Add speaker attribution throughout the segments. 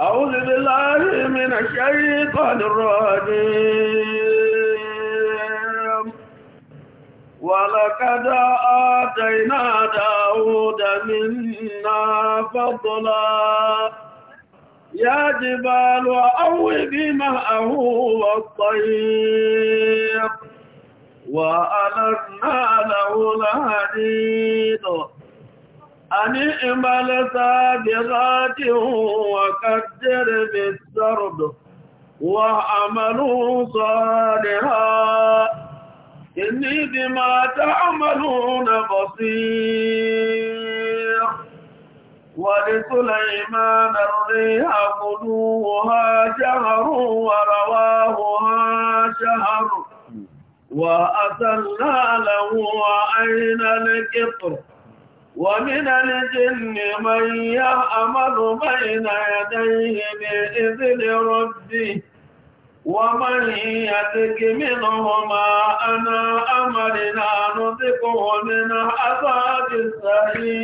Speaker 1: أعوذ بالله من الشيطان الرجيم ولقد آتينا داود منا فضلا يا جبال أوبي معه والطير وألقنا له الهديد أن اعمل سابغات وكدر بالسرد وعملوا صالحا إني بما تعملون بصير ولسليمان الريح قدوها شهر ورواهها شهر وأسلنا له عين الكطر nwonde na-nedeemaa ya amaụai na da ihe ebena rụdi nwaaiye dịgena ma a na-anụ diko nwonde na aka ha dịsai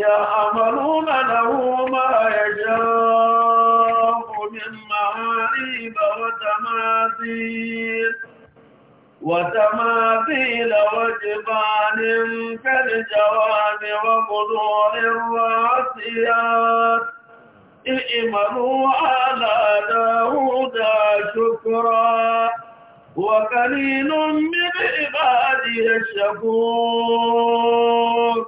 Speaker 1: ya amaụa a wụ mahara jeaoyema ha ri baadamadi وتماثيل وجبان كالجوان وبدور الراسيات ائمنوا على داود شكرا وقليل من عباده الشكور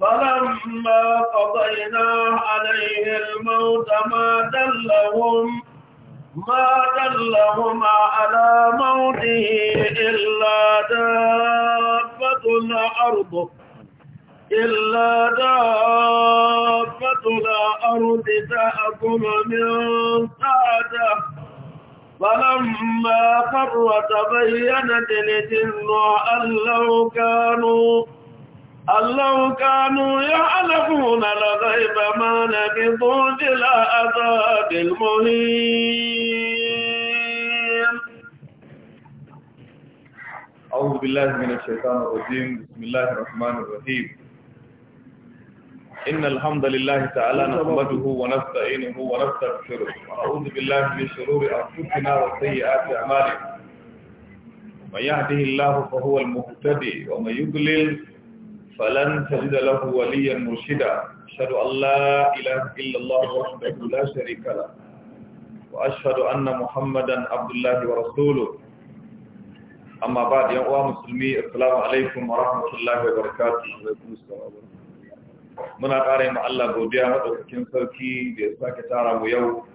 Speaker 1: فلما قضينا عليه الموت ما دلهم ما دلهما على موته إلا دابة الأرض إلا دابة الأرض تأكل من ساعته فلما فر تبينت لجن أن لو كانوا الله كانوا يعلمون لغيب ما لبثوا إلى عذاب المهين
Speaker 2: أعوذ بالله من الشيطان الرجيم بسم الله الرحمن الرحيم إن الحمد لله تعالى نحمده ونستعينه ونستغفره ونعوذ بالله من شرور أنفسنا وسيئات أعمالنا من يهده الله فهو المهتدي ومن يضلل فلن تجد له وليا مرشدا أشهد أن لا إله إلا الله وحده لا شريك له وأشهد أن محمدا عبد الله ورسوله أما بعد يا أخوة مسلمي السلام عليكم ورحمة الله وبركاته muna ƙara ma Allah godiya maɗaukakin sarki da ya sake tara mu yau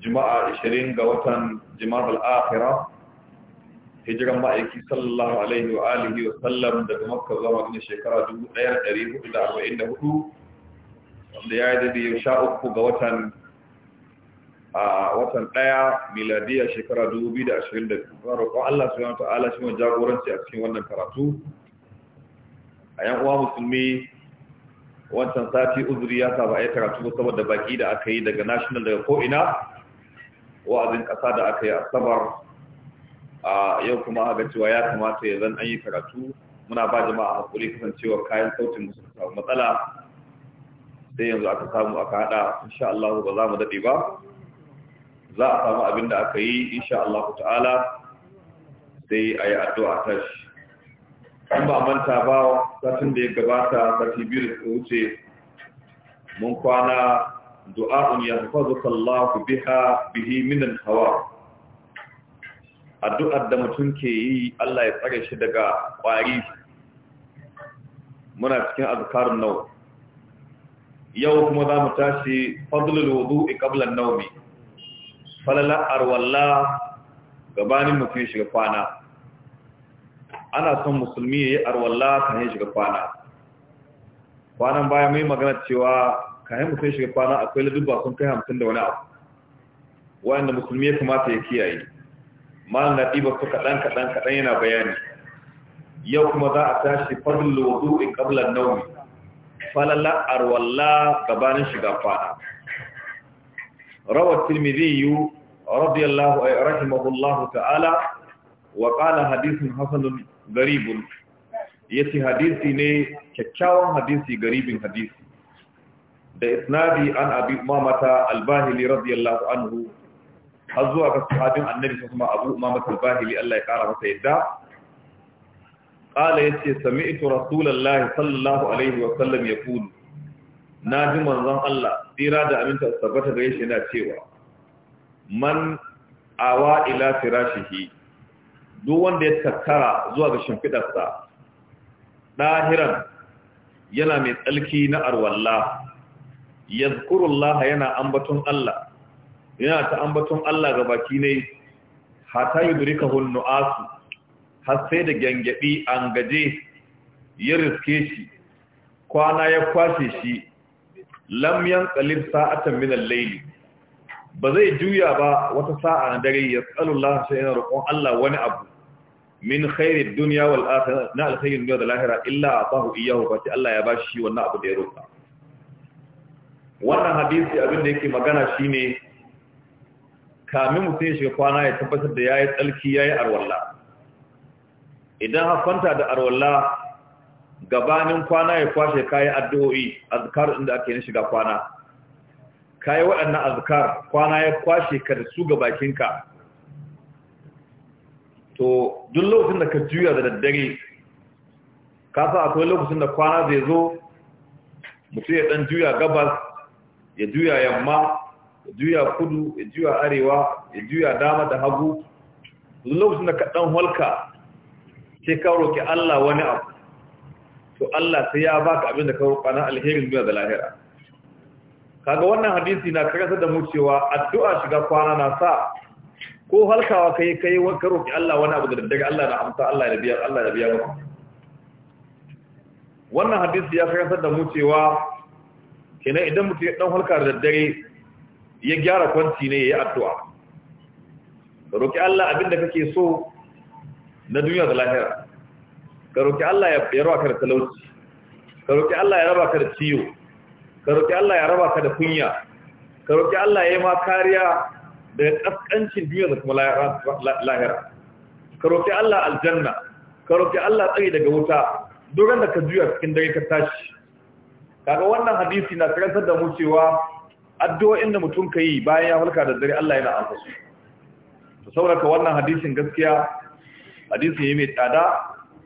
Speaker 2: juma'a 20 ga watan jima'ar al'akhira hijiran ma'aiki sallallahu alaihi wa alihi wa sallam daga makka zuwa madina shekara 1444 wanda ya yi daidai ya sha uku ga watan a watan ɗaya miladiyya shekara 2022 roƙon Allah su yana ta'ala shi mai jagoranci a cikin wannan karatu a yan uwa musulmi wancan sati uzuri ya saba ya karatu saboda baki da aka yi daga national daga ko'ina wa'azin ƙasa da aka yi asabar yau kuma a ga cewa ya kamata ya zan an yi karatu muna ba jama'a hakuri kasancewa kayan sautin musu samu matsala sai yanzu aka samu aka hada insha Allah ba za mu dade ba za a samu abin da aka yi insha Allah ta'ala sai a yi addu'a a shi an ba manta ba satin da ya gabata sati biyu da suka wuce mun kwana du'a'un yahfazuka Allah biha bihi min hawa addu'ar da mutum ke yi Allah ya tsare shi daga ƙwari muna cikin azkarun nau yau kuma za mu tashi fadlul wudu qabla an-nawmi falala arwalla gabanin mutum shiga kwana ana son musulmi ya yi arwalla kan ya shiga kwana kwanan baya mai magana cewa kayan mutum shiga kwana akwai ladubba sun kai hamsin da wani abu wa'anda musulmi ya kamata ya kiyaye malam na ɗiba su kaɗan kaɗan kaɗan yana bayani yau kuma za a tashi farin lodu in ƙablar nauyi falala arwalla gabanin shiga fada rawar tilmiziyu radiyallahu a eh, rahimahullahu ta'ala wa ƙala hadisun hasanun garibun ya ce hadisi ne kyakkyawan hadisi garibin hadisi da isnadi an abi mamata albahili radiyallahu anhu har zuwa ga sahabin annabi ko kuma abu umama al-bahili Allah ya kara masa yadda ce sami sami'tu rasulullahi sallallahu alaihi wa sallam Na naji manzon Allah tsira da aminta tabbata ga shi cewa man awa ila firashihi duk wanda ya tattara zuwa ga shimfidarsa dahiran yana mai tsalki na arwalla yazkurullaha yana ambaton Allah yana ta ambaton Allah ga baki ne hata yudrikahu nu'asu har sai da gyangyaɗi an gaje ya riske shi kwana ya kwashe shi lam yanqalib sa'atan min al-layl ba zai juya ba wata sa'a na dare ya tsallallahu sai yana roƙon Allah wani abu min khairid dunya wal akhirah na alkhairin dunya da lahira illa atahu iyyahu fa Allah ya bashi wannan abu da ya roƙa
Speaker 1: wannan hadisi abin da yake
Speaker 2: magana shine kamin mutum ya shiga kwana ya tabbatar da ya yi tsalki ya yi arwalla idan haifanta da arwalla gabanin kwana ya kwashe kayan addu'o'i azkar inda ake yin shiga kwana kayi waɗannan azkar kwana ya kwashe ka da su ga bakinka to duk lokacin da ka juya da daddare ka sa akwai lokacin da kwana zai zo mutum ya ɗan juya gabas ya juya yamma ya juya kudu ya juya arewa ya juya dama da hagu lokacin da ka dan halka sai ka roki Allah wani abu to Allah sai ya baka abin da ka roƙa na alherin duniya da lahira kaga wannan hadisi na karanta da mu cewa addu'a shiga kwana na sa ko halkawa kai kai ka roki Allah wani abu da daga Allah na amsa Allah ya biya Allah ya biya maka wannan hadisi ya karanta da mu cewa kenan idan mutum ya dan halka da daddare ya gyara kwanci ne ya yi addu'a ka roƙi Allah abinda da kake so na duniya da lahira ka roƙi Allah ya raba ka da talauci ka roƙi Allah ya raba ka da ciwo ka roƙi Allah ya raba ka da kunya ka roƙi Allah ya yi ma kariya daga ƙasƙancin duniya da kuma lahira ka roƙi Allah aljanna ka roƙi Allah tsari daga wuta doron da ka juya cikin dare ka tashi kaga wannan hadisi na karantar da mu cewa addu'o'in da mutum ka bayan ya halka da dare Allah yana amsa su to saboda wannan hadisin gaskiya hadisi ne mai tsada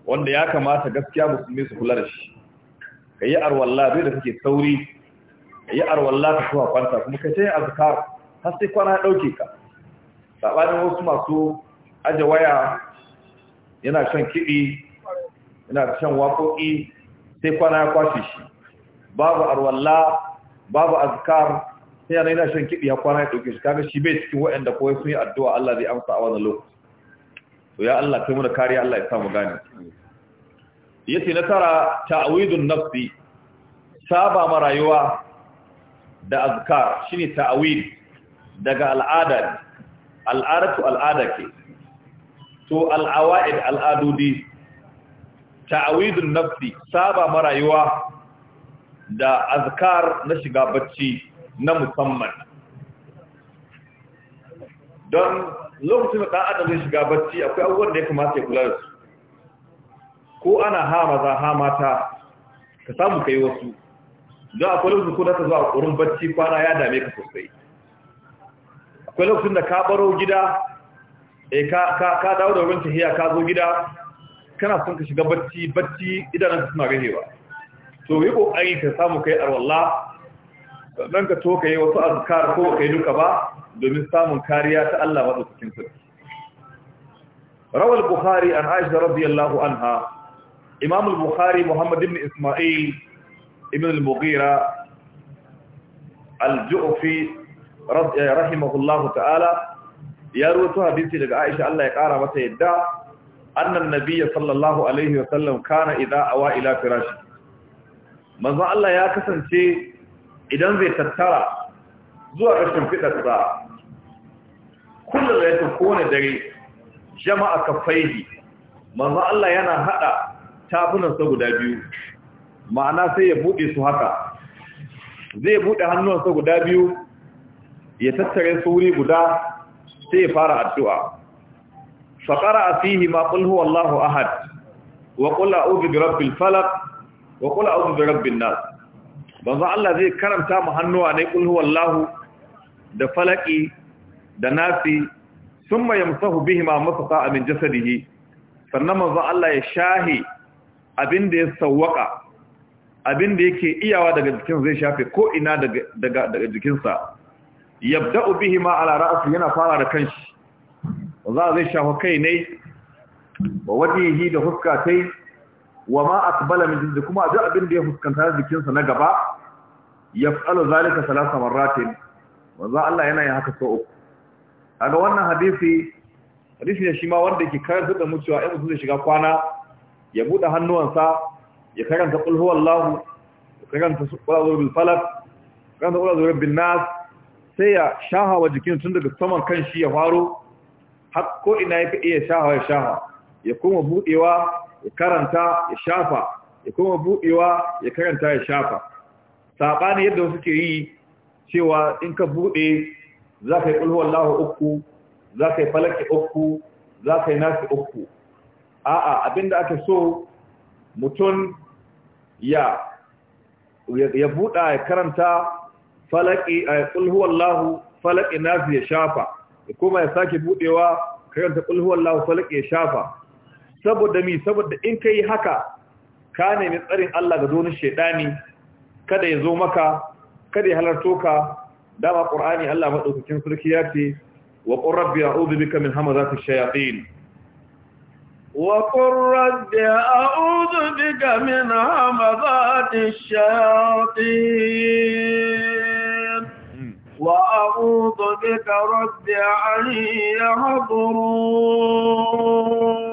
Speaker 2: wanda ya kamata gaskiya musulmi su kula da shi kayi arwalla bai da kake sauri ar wallahi ka kuma kwanta kuma kai sai azkar har sai kwana ya dauke ka sabani wasu masu aje waya yana shan kidi yana shan waƙoƙi sai kwana ya kwashe shi babu wallahi babu azkar sai yana yana shan kiɗi ya kwana ya ɗauke shi kaga shi bai cikin waɗanda kawai sun yi addu'a Allah zai amsa a wannan lokaci to ya Allah kai muna kariya Allah ya sa mu gane yace na tara ta'widun nafsi saba ma rayuwa da azkar shine ta'wid daga al'ada al'adatu al'ada ke to al'awaid al'adudi ta'widun nafsi saba ma rayuwa da azkar na shiga bacci na musamman don lokacin da ɗan adam zai shiga bacci akwai abubuwan da ya kamata ya kula da su ko ana ha maza ha mata ka samu kai wasu don akwai lokacin ko ta zuwa wurin bacci kwana ya dame ka sosai akwai lokacin da ka baro gida e ka dawo da wurin tahiya ka zo gida kana son ka shiga bacci bacci ka suna gahewa to yi kokari ka samu kai arwalla sannan ka to ka yi wasu azkar ko kai yi duka ba domin samun kariya ta Allah maɗaukakin rawal bukhari an aisha radiyallahu anha imam al-bukhari muhammad ibn isma'il ibn al-mughira al-ju'fi rahimahullahu ta'ala ya ruwato hadisi daga Aisha Allah ya kara mata yadda annan nabiyyi sallallahu alaihi wa sallam kana idza awa ila firashi manzo Allah ya kasance idan zai tattara zuwa rashin shimfiɗar kullum ya kowane dare jama'a ka faidi manzo Allah yana haɗa tafunansa guda biyu ma'ana sai ya buɗe su haka zai buɗe hannunsa guda biyu ya tattare su wuri guda sai ya fara addu'a faƙara a fihi ma ƙul Allahu ahad wa ƙul a'udhu bi Falak, falaq wa ƙul a'udhu nas banzu Allah zai karanta mu hannuwa ne kul huwallahu da falaki da nasi summa yamsahu bihima masqa min jasadihi sannan manzo Allah ya shahi abin ya sawwaka abinda yake iyawa daga jikin zai shafe ko ina daga daga daga sa yabda'u bihima ala ra'si yana fara da kanshi za zai shafa kai ne wa wajihi da huskatai. wa ma aqbala min jinsi kuma duk abin da ya fuskanta sa na gaba yaf'alu zalika salasa marratin manzo Allah yana yin haka sau uku kaga wannan hadisi hadisi ne shi ma wanda yake karanta da mutuwa ya ai mutum shiga kwana ya bude hannuwansa ya karanta qul huwallahu ya karanta qul bil falaq karanta qul bin nas sai ya shaha wa jikin tun daga saman kan shi ya faro har ko ina yake iya shaha ya shaha ya kuma budewa ya karanta ya shafa ya kuma buɗewa ya karanta ya shafa saɓani yadda wasu ke yi cewa in ka buɗe za ka yi ƙulhuwallahu uku za ka yi falaki uku za ka yi nasi uku a'a abinda ake so mutum ya ya buɗa ya karanta falaki a ƙulhuwallahu falaki nasi ya shafa ya kuma ya sake buɗewa karanta ƙulhuwallahu falaki ya shafa saboda mi saboda in ka yi haka ka nemi tsarin Allah ga donin shaidani kada ya zo maka kada ya halarto ka dama ƙur'ani Allah madaukakin sarki ya ce wa qur a a'udhu bika min hama za
Speaker 1: wa qur rabbi a'udhu bika min hamazati shayatin hmm. wa a'udhu bika rabbi an
Speaker 2: yahdurun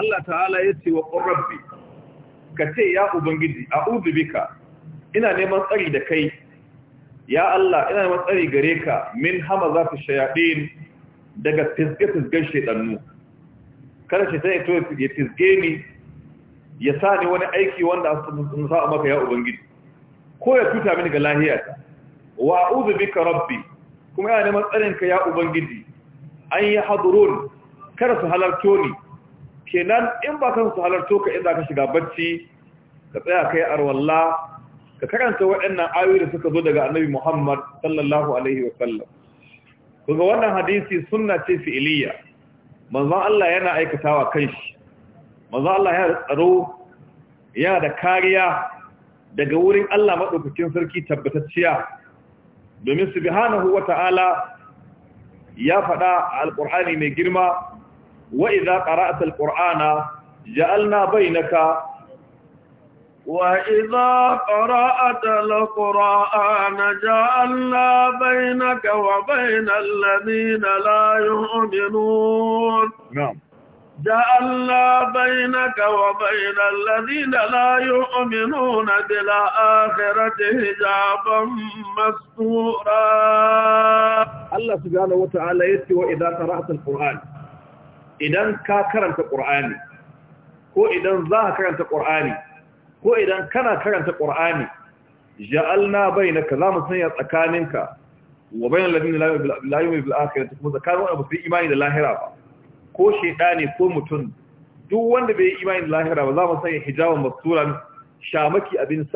Speaker 2: Allah ta'ala ya ce wa rabbi ka ce ya Ubangiji a bika ina neman tsari da kai ya Allah ina neman tsari gare ka min hama za su shayaɗin daga fizge-fizgen shaɗannu kada shi sai ya fizge ni ya sa ni wani aiki wanda sun sa'a maka ya Ubangiji ko ya tuta mini ga lahiyata wa bika rabbi kuma ya neman tsarinka ya Ubangiji an yi hadurun kada su halarto ni kenan in ba kan su halarto ka inda ka shiga bacci ka tsaya kai arwalla ka karanta waɗannan ayoyi da suka zo daga annabi Muhammad sallallahu alaihi wa sallam kuma wannan hadisi sunna ce fi'iliya manzon Allah yana aikatawa shi manzon Allah yana tsaro yana da kariya daga wurin Allah madaukakin sarki tabbatacciya domin subhanahu ta'ala ya faɗa alqur'ani mai girma وإذا قرأت القرآن جعلنا بينك وإذا قرأت القرآن
Speaker 1: جعلنا بينك وبين الذين لا يؤمنون نعم جعلنا بينك وبين الذين لا يؤمنون بالآخرة حجابا
Speaker 2: مستورا الله سبحانه وتعالى يسكي وإذا قرأت القرآن idan ka karanta ƙur'ani ko idan za ka karanta ƙur'ani ko idan kana karanta ƙur'ani ja'alna bainaka za mu sanya tsakaninka wa bainal ladina la yu'minu bil akhirati kuma zakaru wa fi imani da lahira ba ko shedani ko mutum duk wanda bai imani da lahira ba za mu sanya hijaban masturan shamaki abin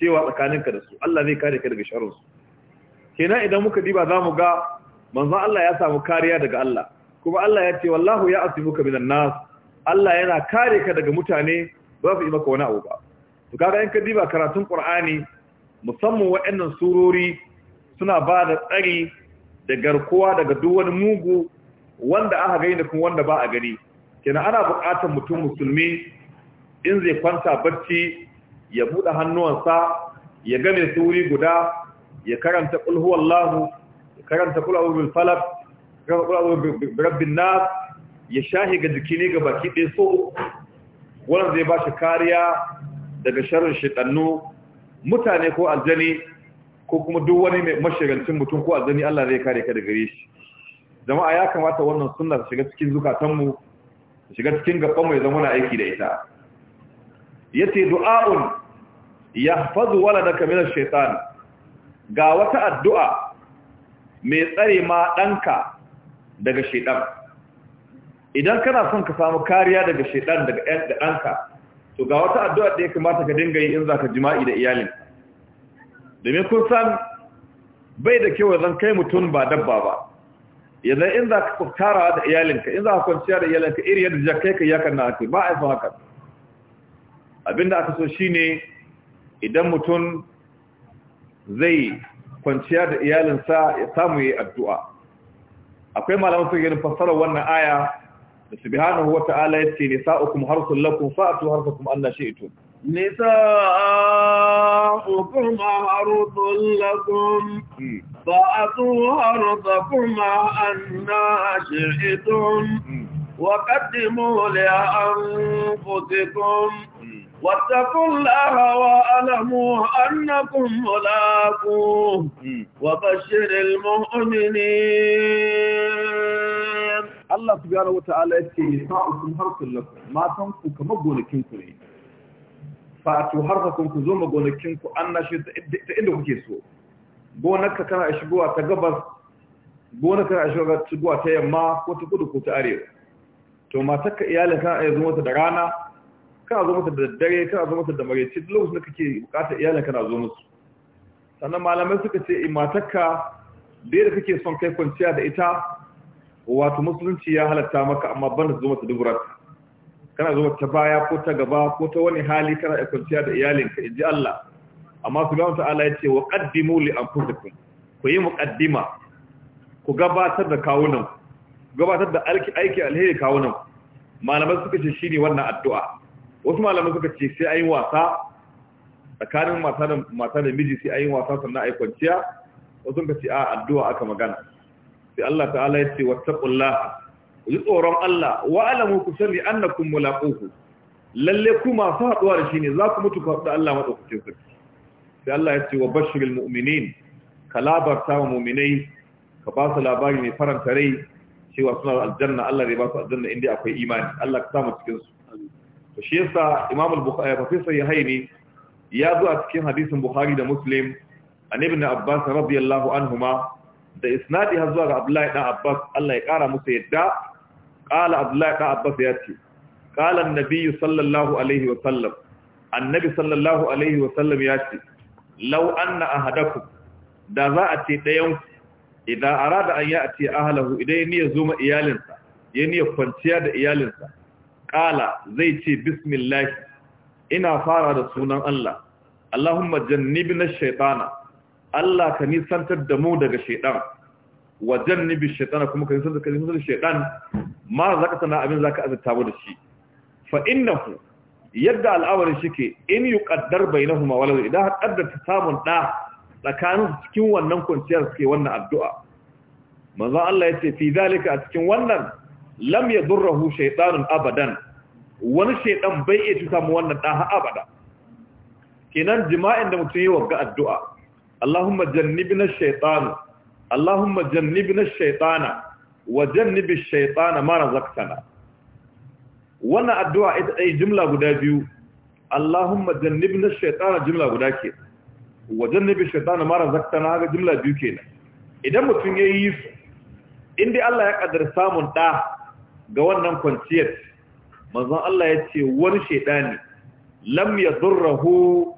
Speaker 2: cewa tsakaninka da su Allah zai kare ka daga sharrin su kenan idan muka diba za mu ga manzon Allah ya samu kariya daga Allah kuma Allah ya ce wallahu ya asimuka minan nas Allah yana kare ka daga mutane ba su yi maka wani abu ba to kaga in ka diba karatun Qur'ani musamman waɗannan surori suna ba da tsari da garkuwa daga duk wani mugu wanda aka gani da kuma wanda ba a gani kenan ana buƙatar mutum musulmi in zai kwanta bacci, ya buɗe hannuwansa ya game su wuri guda ya karanta ƙul huwallahu ya karanta ƙul a'udhu falaq kafa ƙula'uwa rabbin na ya shahi ga jiki ne ga baki ɗaya so wannan zai ba shi kariya daga sharar shiɗannu mutane ko aljani ko kuma duk wani mai mashigancin mutum ko aljani Allah zai kare ka daga gare shi jama'a ya kamata wannan sunna su shiga cikin zukatanmu su shiga cikin gaban mai zama na aiki da ita ya ce du'a'un ya yahfazu wala da kamilar shaitan ga wata addu'a mai tsare ma ɗanka daga shaidan idan kana son ka samu kariya daga shaidan daga ɗan da ɗanka to ga wata addu'a da ya kamata ka dinga yi in za jima'i da iyalin domin kun san bai da kyau zan kai mutum ba dabba ba yanzu in za ka tara da iyalinka in za ka kwanciya da iyalinka iri yadda ja kai ka kan na ake ba a yi haka abinda aka so shine idan mutum zai kwanciya da iyalinsa ya samu yi addu'a akwai malaman suke ganin fassarar wannan aya da subhanahu wata'ala yace nisa'ukum harsul lakum fa'tu harsukum anna shi'tu
Speaker 1: nisa'ukum harsul lakum fa'tu harsukum anna shi'tu وقدموا لأنفسكم واتقوا الله وألموا أنكم ملاقوه وبشر المؤمنين
Speaker 2: الله سبحانه وتعالى يتكي نساءكم حرف لكم ما تنكو كما قولكينكو لي فأتوا حرفكم كزوما قولكينكو أنا شيء تإنه كيسو قولك كان أشبوها تقبر قولك كان أشبوها تقبوها تيما وتقودكو تأريو تو ما تك إيالي كان أيضا وتدرانا kana zo masa da daddare kana zo masa da maraice duk lokacin da kake bukatar iyalin kana zo musu sannan malamai suka ce eh, matakka da da kake son kai kwanciya da ita wato musulunci ya halatta maka amma ban da zo mata duburarka kana zo ta baya ko ta gaba ko ta wani hali kana da kwanciya da iyalinka inji Allah amma subhanahu ta'ala ya ce wa qaddimu li anfusikum ku yi muqaddima ku gabatar da kawunan ku gabatar da aiki alheri kawunan malamai suka ce shine wannan addu'a wasu malamai suka ce sai ayi wasa tsakanin mata da mata da miji sai ayi wasa sannan ayi kwanciya wasu suka ce a addu'a aka magana sai Allah ta'ala ya ce wattaqullah ku ji tsoron Allah wa alamu ku sani annakum mulaquhu lalle ku fa haduwa da shi ne za ku mutu ku da Allah madaukakin sarki sai Allah ya ce wa bashiril mu'minin kalabar ta mu'minai ka ba su labari ne faranta rai cewa suna aljanna Allah zai ba su aljanna inda akwai imani Allah ka sa mu cikin su shi yasa imam al-bukhari eh, professor yahaini ya zo a cikin hadisin bukhari da muslim an ibn abbas radiyallahu anhuma da isnadi har zuwa ga abdullahi dan abbas Allah ya kara musu yadda qala abdullahi dan abbas ya ce qala an-nabiy sallallahu alaihi wa sallam annabi sallallahu alaihi wa sallam ya ce law anna ahadakum da za a ce dayan idan arada an ya ce ahlahu idan ya zo ma iyalinsa ya kwanciya da iyalinsa ƙala zai ce bismillah ina fara da sunan Allah Allahumma jannibna shaytana Allah ka nisantar da mu daga shaytan wa jannibi shaytana kuma ka nisantar ka nisantar shaytan ma zaka sana abin zaka azurta mu da shi fa innahu yadda al'amarin shike in yuqaddar bainahuma wala idan haddar ta samun da tsakanin cikin wannan kwanciyar suke wannan addu'a manzon Allah yace fi zalika a cikin wannan lam ya durrahu shaytanun abadan wani shaytan bai iya cuta mu wannan da ha abada kenan jima'in da mutum yi ga addu'a Allahumma jannibna na shaytan Allahumma jannibna na shaytana wa jannibi ash-shaytana ma razaqtana wannan addu'a ita dai jumla guda biyu Allahumma jannibna na shaytana jumla guda ke wa jannibi ash-shaytana ma razaqtana ga jumla biyu kenan idan mutum yayi su inda Allah ya kaddara samun da ga wannan kwanciyar manzon Allah ya ce wani shaidani lam yadurruhu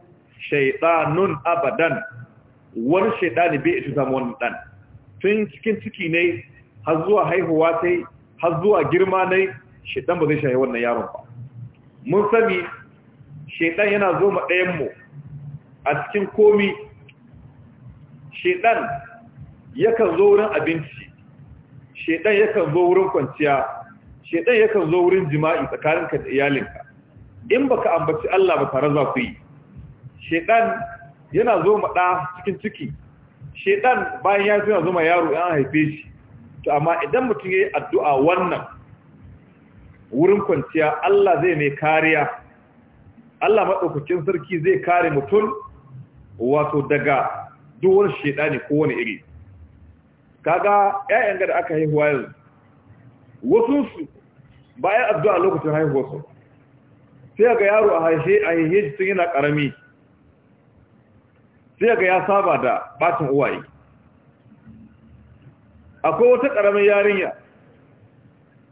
Speaker 2: shaidanun abadan wani shaidani bai ita zama wannan dan tun cikin ciki ne har zuwa haihuwa sai har zuwa girma ne shaidan ba zai shaye wannan yaron ba mun sani shaidan yana zo ma ɗayan mu a cikin komi shaidan yakan zo wurin abinci shaidan yakan zo wurin kwanciya shedan yakan zo wurin jima'i tsakaninka da iyalinka in baka ambaci Allah ba tare za ku yi shedan yana zo ma cikin ciki shedan bayan ya tuna zo ma yaro ya haife shi to amma idan mutum ya yi addu'a wannan wurin kwanciya Allah zai mai kariya Allah madaukakin sarki zai kare mutum wato daga duwar shedani ko wani iri kaga ƴaƴan ga da aka haihuwa yanzu wasu su ba a yi addu'a lokacin haihuwarsu sai ga yaro a haishe a haihe shi yana ƙarami sai ga ya saba da bacin uwaye akwai wata ƙaramin yarinya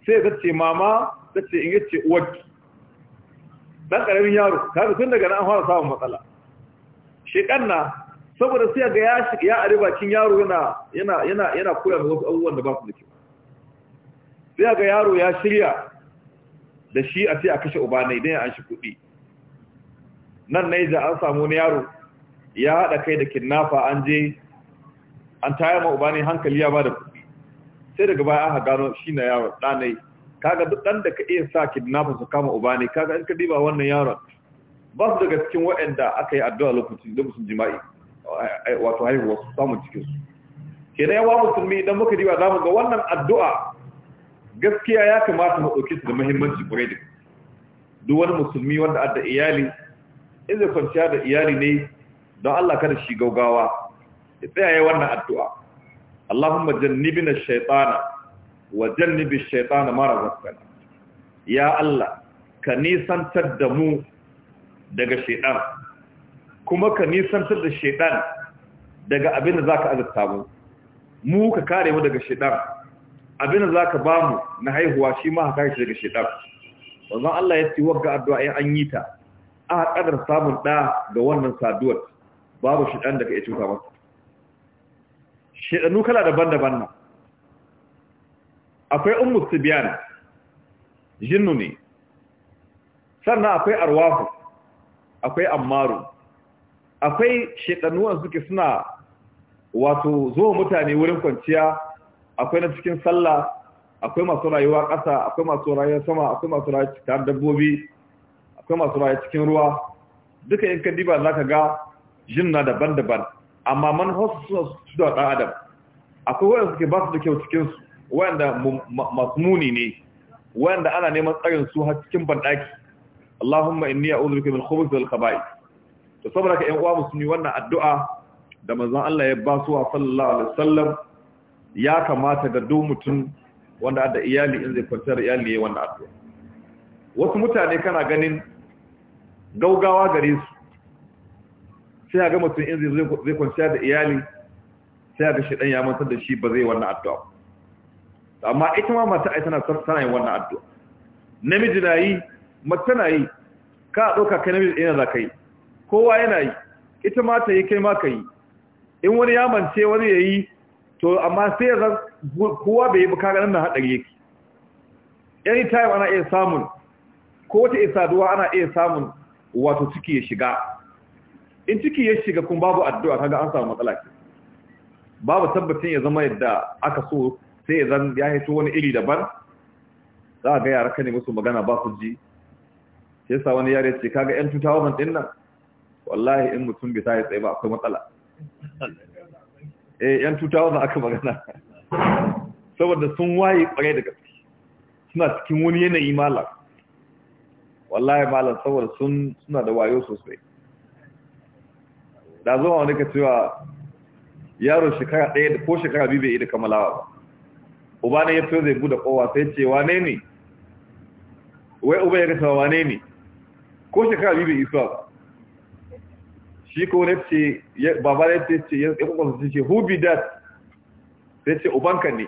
Speaker 2: sai ta ce mama ta ce in ce uwaki ɗan ƙaramin yaro kafin tun daga nan fara samun matsala shekan na saboda sai ga ya ya aribakin yaro yana koya da wasu abubuwan da ba su da ke sai ga yaro ya shirya da shi a ce a kashe uba ne idan ya an shi kuɗi nan da an samu wani yaro ya haɗa kai da kinnafa an je an taya ma uba ne hankali ya ba da kuɗi sai daga baya aka gano shi na yaro ɗanai kaga duk dan da ka iya sa kidnapper su kama uba ne kaga in ka diba wannan yaron ba su daga cikin waɗanda aka yi addu'a lokacin da musun jima'i wato haihuwa su samun cikinsu kenan yawa musulmi idan muka diba za mu ga wannan addu'a gaskiya ya kamata mu ɗauke su da muhimmanci kwarai da duk wani musulmi wanda adda iyali in zai kwanciya da iyali ne don Allah kada shi gaugawa ya tsayaye wannan addu'a Allahumma na shaitana wa jannibi shaitana mara razaqtana ya Allah ka nisantar da mu daga shaytan kuma ka nisantar da shaytan daga abin da ka azurta mu mu ka kare mu daga shaytan abin da zaka ba mu na haihuwa shi ma haka shi daga shedar wannan Allah ya ce wagga addu'a in an yi ta a kadar samun da ga wannan saduwar babu shedan da kai cuta masa shedanu kala daban-daban na akwai ummu sibyan jinnu ne sannan akwai arwahu akwai ammaru akwai shedanu suke suna wato zo mutane wurin kwanciya akwai na cikin sallah akwai masu rayuwa ƙasa akwai masu rayuwa sama akwai masu rayuwa cikin dabbobi akwai masu rayuwa cikin ruwa duka in ka diba za ka ga jinna daban-daban amma manhajar suna su da ɗan adam akwai wanda suke ba su da kyau cikin su wanda masu muni ne wanda ana neman tsarin su har cikin banɗaki Allahumma inni a'udhu bika min khubuthi wal khaba'ith to saboda ka ƴan uwa musulmi wannan addu'a da manzon Allah ya ba su wa sallallahu alaihi wasallam ya kamata ga duk mutum wanda da iyali in zai da iyali ya wannan addu'a wasu mutane kana ganin gaugawa gare su sai ga mutum in zai kwanciya da iyali sai ga shi dan ya mantar da shi ba zai wannan addu'a amma ita ma mata ai tana tana yin wannan addu'a namiji na yi mata na yi ka dauka kai namiji ina za ka yi kowa yana yi ita ma ta yi kai ma ka yi in wani ya mance wani ya yi to amma sai zan kowa bai yi ba kaga nan na hadari yake anytime ana iya samun ko wata isaduwa ana iya samun wato ciki ya shiga in ciki ya shiga kun babu addu'a kaga an samu matsala ke babu tabbacin ya zama yadda aka so sai ya zan ya haito wani iri daban za a ga yara ka musu magana ba su ji sai yasa wani yare ce kaga yan cuta din nan wallahi in mutum bai sa ya tsaye ba akwai matsala eh yan 2000 aka magana saboda sun waye kwarai da gaske suna cikin wani yanayi malam wallahi malam saboda sun suna da wayo sosai da zuwa wani ka cewa yaro shekara ɗaya da ko shekara biyu bai yi da kamalawa ba uba ne ya fito zai buɗe kowa sai ce wane ne wai uba ya gasa wane ne ko shekara biyu bai yi ba shi ko nafce ce, da ya ce ya kwakwasa su ce who be that sai ce ubanka ne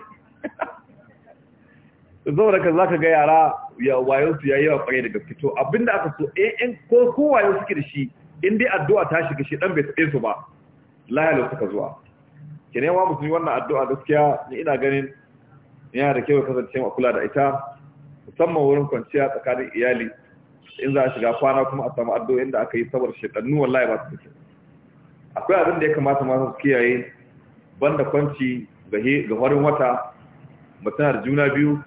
Speaker 2: da ka za ka ga yara ya su ya yi wa kwaye daga fito abinda aka so eh, in ko kowaye suke da shi in addu'a ta shiga shi dan bai taɓe su ba lahalo suka zuwa ke ne wa musulmi wannan addu'a gaskiya ni ina ganin yana da kyau kasance a kula da ita musamman wurin kwanciya tsakanin iyali in za a shiga kwana kuma a samu addu'o'in inda aka yi saboda shekannu wallahi ba su akwai abin da ya kamata masu kiyaye banda kwanci ga horin wata mutum da juna biyu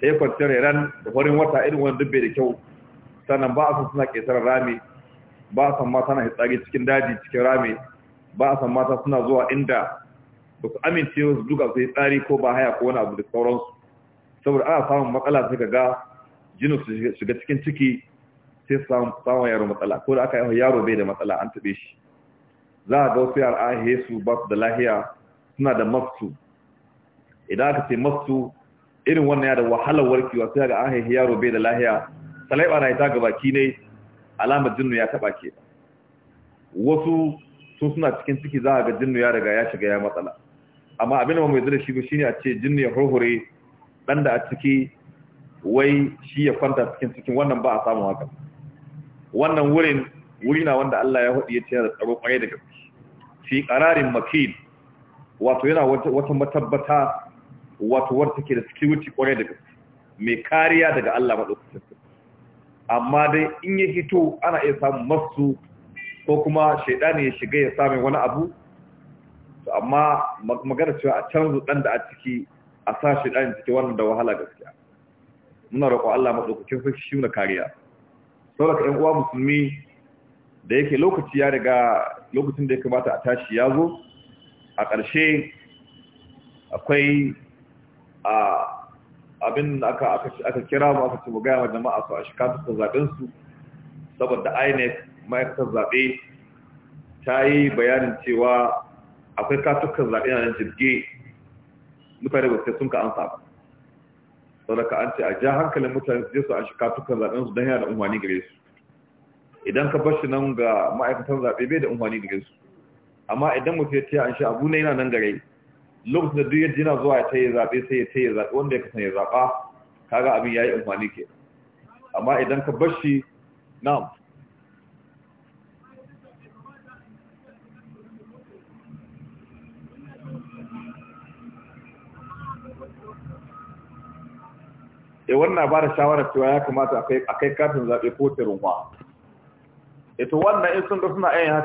Speaker 2: sai ya kwanciyar ran da horin wata irin wani dubbe da kyau sannan ba a san suna ƙetare rami ba a san mata na hitsari cikin daji cikin rami ba a san mata suna zuwa inda ba su amince su duka su yi tsari ko ba haya ko wani abu da sauransu saboda ana samun matsala sai ka ga jinin su shiga cikin ciki sai samun yaro matsala ko da aka yi yaro bai da matsala an taɓe shi za a ga wasu yara a su ba su da lahiya suna da mafsu idan aka ce mafsu irin wannan ya da wahalar warkewa sai ga an haihi yaro bai da lahiya salaiba na ita gabaki ne alamar jinnu ya taɓa ke wasu sun suna cikin ciki za a ga jinnu ya riga ya shiga ya matsala amma abin da mai zira shi shine a ce jinnu ya hurhure dan da a ciki wai shi ya kwanta cikin cikin wannan ba a samu haka wannan wurin wuri na wanda Allah ya hudu ya ce da tsaro kwaye da gaske fi qararin makin wato yana wata matabbata wato wanda take da security kwaye da gaske mai kariya daga Allah madaukakin amma dai in ya hito ana iya samun masu ko kuma shaidani ya shiga ya sami wani abu to amma magana cewa a canzu dan da a ciki a sa shaidani cikin wannan da wahala gaskiya muna roƙo Allah maɗaukakin sarki shi muna kariya saboda ƴan uwa musulmi da yake lokaci ya riga lokacin da ya kamata a tashi ya zo a ƙarshe akwai abin da aka kira mu aka ce gaya wa jama'a su a shika su zaben saboda INEC ma'aikatar zaɓe ta yi bayanin cewa akwai katukan zaɓe na jirge mutane ba sai sun ka ansa ba saboda an ce a ja hankalin mutane su je su a shi katukan zaɓen su don yana da umarni gare su idan ka bashi nan ga ma'aikatan zaɓe bai da umarni gare su amma idan mu ya ce an shi abu na yana nan gare lokacin da duk yadda yana zuwa ya taye zaɓe sai ya taye zaɓe wanda ya kasance ya zaɓa kaga abin ya yi umarni ke amma idan ka bashi na eh wannan ba da shawarar cewa ya kamata a kai kafin zaɓe ko tirinwa ita eh, wannan in sun ga suna yin haka